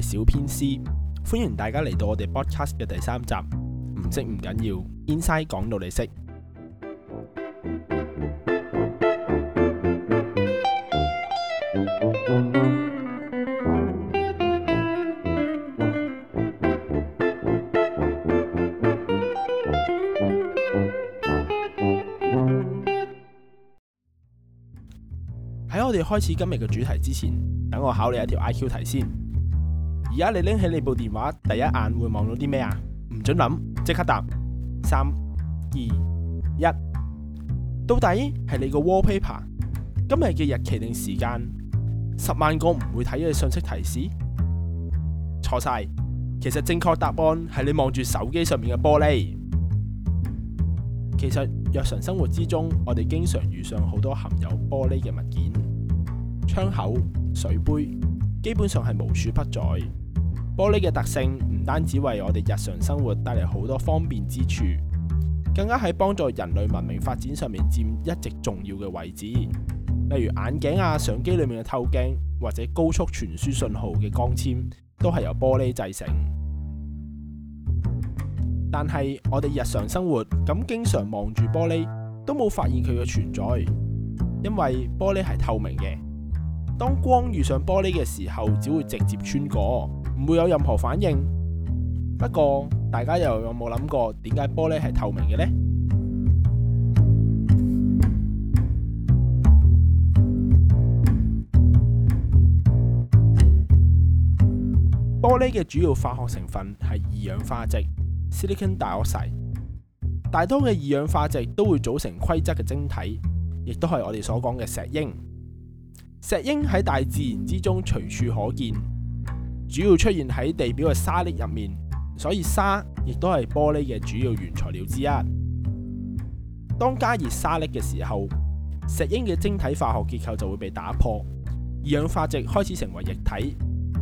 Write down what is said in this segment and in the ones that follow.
小編師，歡迎大家嚟到我哋 podcast 嘅第三集。唔識唔緊要，inside 講到你識。喺我哋開始今日嘅主題之前，等我考你一條 I Q 題先。而家你拎起你部電話，第一眼會望到啲咩啊？唔准諗，即刻答。三、二、一。到底係你個 wallpaper？今日嘅日期定時間？十萬個唔會睇嘅信息提示？錯晒，其實正確答案係你望住手機上面嘅玻璃。其實日常生活之中，我哋經常遇上好多含有玻璃嘅物件，窗口、水杯。基本上係無處不在。玻璃嘅特性唔單止為我哋日常生活帶嚟好多方便之處，更加喺幫助人類文明發展上面佔一席重要嘅位置。例如眼鏡啊、相機裏面嘅透鏡，或者高速傳輸信號嘅光纖，都係由玻璃製成。但係我哋日常生活咁經常望住玻璃，都冇發現佢嘅存在，因為玻璃係透明嘅。當光遇上玻璃嘅時候，只會直接穿過，唔會有任何反應。不過，大家又有冇諗過點解玻璃係透明嘅呢？玻璃嘅主要化學成分係二氧化矽 （silicon dioxide）。大多嘅二氧化矽都會組成規則嘅晶體，亦都係我哋所講嘅石英。石英喺大自然之中隨處可見，主要出現喺地表嘅沙礫入面，所以沙亦都係玻璃嘅主要原材料之一。當加熱沙礫嘅時候，石英嘅晶體化學結構就會被打破，二氧化矽開始成為液體，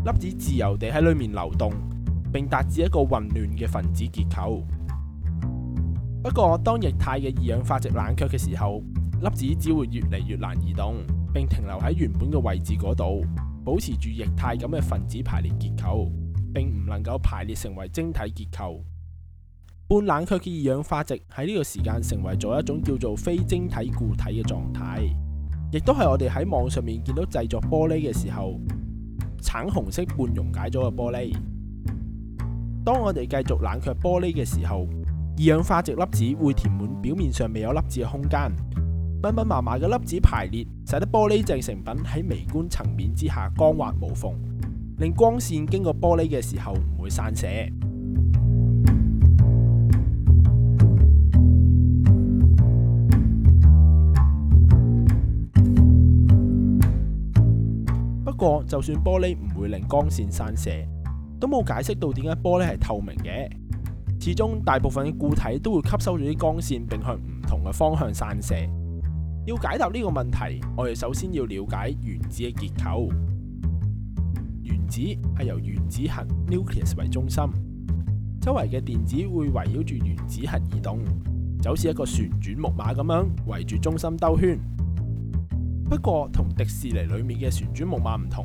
粒子自由地喺裏面流動，並達至一個混亂嘅分子結構。不過，當液態嘅二氧化矽冷卻嘅時候，粒子只會越嚟越難移動。並停留喺原本嘅位置嗰度，保持住液態咁嘅分子排列結構，並唔能夠排列成為晶體結構。半冷卻嘅二氧化矽喺呢個時間成為咗一種叫做非晶體固體嘅狀態，亦都係我哋喺網上面見到製作玻璃嘅時候，橙紅色半溶解咗嘅玻璃。當我哋繼續冷卻玻璃嘅時候，二氧化矽粒子會填滿表面上未有粒子嘅空間。密密麻麻嘅粒子排列，使得玻璃製成品喺微觀層面之下光滑無縫，令光線經過玻璃嘅時候唔會散射。不過，就算玻璃唔會令光線散射，都冇解釋到點解玻璃係透明嘅。始終大部分嘅固體都會吸收咗啲光線，並向唔同嘅方向散射。要解答呢個問題，我哋首先要了解原子嘅結構。原子係由原子核 （nucleus） 為中心，周圍嘅電子會圍繞住原子核移動，就好似一個旋轉木馬咁樣圍住中心兜圈。不過同迪士尼裏，裏面嘅旋轉木馬唔同，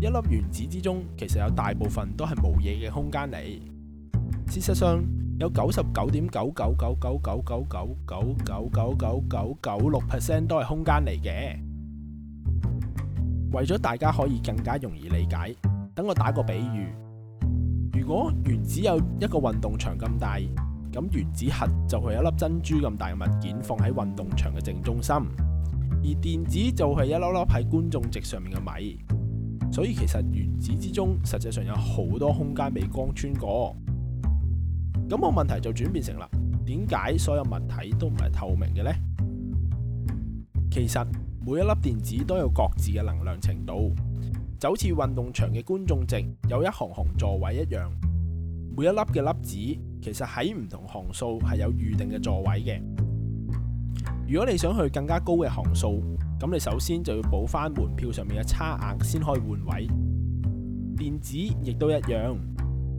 一粒原子之中其實有大部分都係冇嘢嘅空間嚟。事實上，有九十九點九九九九九九九九九九九九六 percent 都係空間嚟嘅。為咗大家可以更加容易理解，等我打個比喻：如果原子有一個運動場咁大，咁原子核就係一粒珍珠咁大嘅物件放喺運動場嘅正中心，而電子就係一粒粒喺觀眾席上面嘅米。所以其實原子之中，實際上有好多空間被光穿過。咁個問題就轉變成啦，點解所有物體都唔係透明嘅呢？其實每一粒電子都有各自嘅能量程度，就好似運動場嘅觀眾席有一行行座位一樣，每一粒嘅粒子其實喺唔同行數係有預定嘅座位嘅。如果你想去更加高嘅行數，咁你首先就要補翻門票上面嘅差額先可以換位。電子亦都一樣。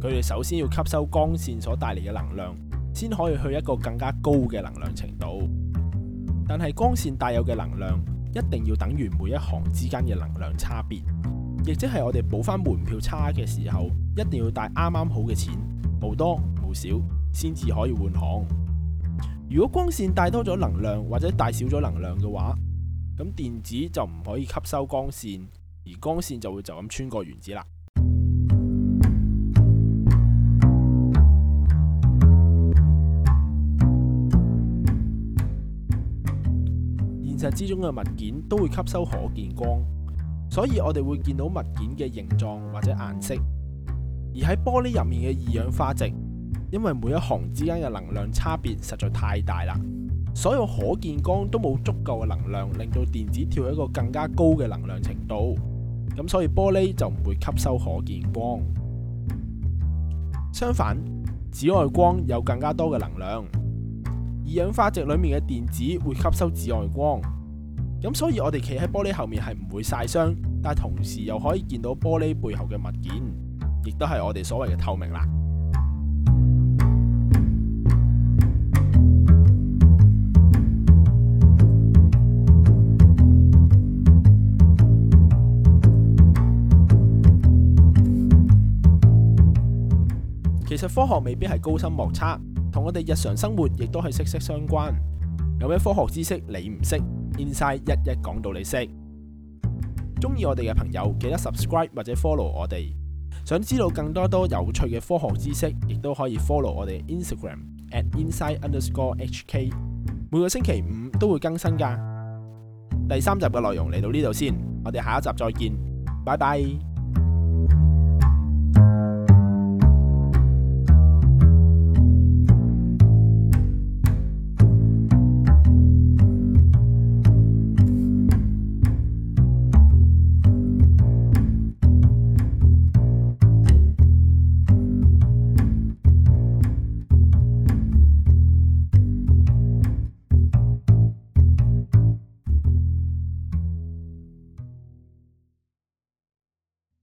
佢哋首先要吸收光線所帶嚟嘅能量，先可以去一個更加高嘅能量程度。但係光線帶有嘅能量一定要等於每一行之間嘅能量差別，亦即係我哋補翻門票差嘅時候，一定要帶啱啱好嘅錢，冇多冇少，先至可以換行。如果光線帶多咗能量或者帶少咗能量嘅話，咁電子就唔可以吸收光線，而光線就會就咁穿過原子啦。之中嘅物件都會吸收可見光，所以我哋會見到物件嘅形狀或者顏色。而喺玻璃入面嘅二氧化矽，因為每一行之間嘅能量差別實在太大啦，所有可見光都冇足夠嘅能量令到電子跳喺一個更加高嘅能量程度，咁所以玻璃就唔會吸收可見光。相反，紫外光有更加多嘅能量。二氧化矽裏面嘅電子會吸收紫外光，咁所以我哋企喺玻璃後面係唔會曬傷，但同時又可以見到玻璃背後嘅物件，亦都係我哋所謂嘅透明啦。其實科學未必係高深莫測。同我哋日常生活亦都係息息相關。有咩科學知識你唔識？Inside 一一講到你識。中意我哋嘅朋友記得 subscribe 或者 follow 我哋。想知道更多多有趣嘅科學知識，亦都可以 follow 我哋 Instagram at Inside_HK。每個星期五都會更新㗎。第三集嘅內容嚟到呢度先，我哋下一集再見，拜拜。